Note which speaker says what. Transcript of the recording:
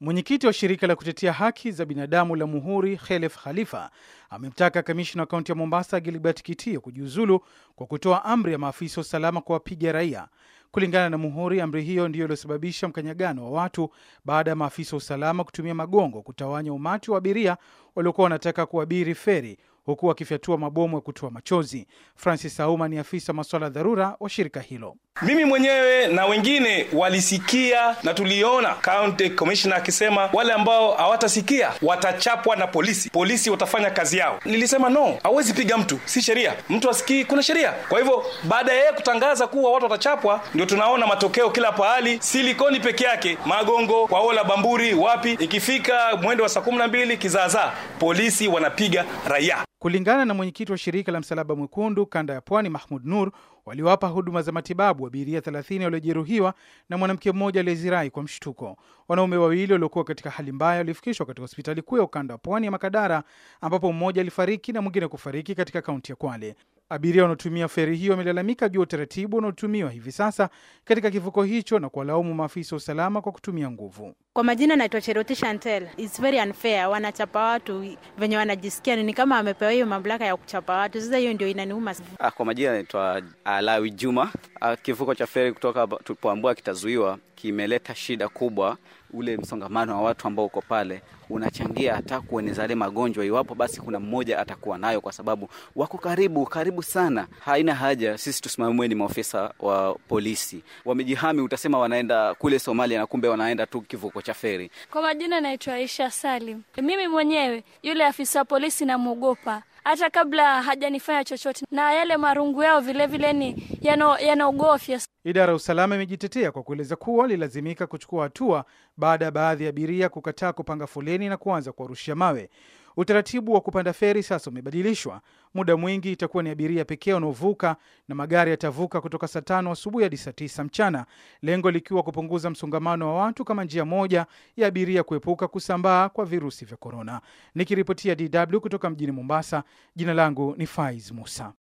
Speaker 1: Mwenyekiti wa shirika la kutetea haki za binadamu la Muhuri, Khelef Khalifa, amemtaka kamishina wa kaunti ya Mombasa Gilbert Kitio kujiuzulu kwa kutoa amri ya maafisa wa usalama kuwapiga raia. Kulingana na Muhuri, amri hiyo ndiyo iliyosababisha mkanyagano wa watu baada ya maafisa wa usalama kutumia magongo kutawanya umati wa abiria waliokuwa wanataka kuabiri feri huku wakifyatua mabomu ya kutoa machozi. Francis Auma ni afisa masuala ya dharura wa shirika hilo.
Speaker 2: Mimi mwenyewe na wengine walisikia na tuliona county commissioner akisema wale ambao hawatasikia watachapwa na polisi, polisi watafanya kazi yao. Nilisema no, hawezi piga mtu, si sheria. Mtu asikii, kuna sheria. Kwa hivyo baada ya yeye kutangaza kuwa watu watachapwa, ndio tunaona matokeo kila pahali, silikoni peke yake, Magongo, kwa ola Bamburi, wapi, ikifika mwendo wa saa kumi na mbili kizaazaa, polisi wanapiga raia.
Speaker 1: Kulingana na mwenyekiti wa shirika la Msalaba Mwekundu kanda ya Pwani, Mahmud Nur, waliwapa huduma za matibabu abiria 30 waliojeruhiwa na mwanamke mmoja aliyezirai kwa mshtuko. Wanaume wawili waliokuwa katika hali mbaya walifikishwa katika hospitali kuu ya ukanda wa pwani ya Makadara, ambapo mmoja alifariki na mwingine kufariki katika kaunti ya Kwale. Abiria wanaotumia feri hiyo wamelalamika juu ya utaratibu unaotumiwa hivi sasa katika kivuko hicho na kuwalaumu maafisa wa usalama kwa kutumia nguvu.
Speaker 3: Kwa majina naitwa Cheroti Chantel. It's very unfair, wanachapa watu venye wanajisikia, ni kama wamepewa hiyo mamlaka ya kuchapa watu. Sasa hiyo ndio inaniuma.
Speaker 4: Ah, kwa majina naitwa Alawi Juma. Ah, kivuko cha feri kutoka tulipoambua kitazuiwa kimeleta shida kubwa. Ule msongamano wa watu ambao uko pale unachangia hata kueneza yale magonjwa, iwapo basi kuna mmoja atakuwa nayo, kwa sababu wako karibu karibu sana. Haina haja sisi ni maofisa wa polisi wamejihami, utasema wanaenda kule Somalia na kumbe wanaenda tu kivuko cha feri.
Speaker 3: Kwa majina naitwa Aisha Salim. Mimi mwenyewe yule afisa wa polisi namwogopa hata kabla hajanifanya chochote, na yale marungu yao vilevile ni yanaogofya
Speaker 1: Idara ya usalama imejitetea kwa kueleza kuwa lilazimika kuchukua hatua baada ya baadhi ya abiria kukataa kupanga foleni na kuanza kuwarushia mawe. Utaratibu wa kupanda feri sasa umebadilishwa. Muda mwingi itakuwa ni abiria pekee wanaovuka na magari yatavuka kutoka saa tano asubuhi hadi saa tisa mchana, lengo likiwa kupunguza msongamano wa watu kama njia moja ya abiria kuepuka kusambaa kwa virusi vya korona. Nikiripotia DW kutoka mjini Mombasa, jina langu ni Faiz Musa.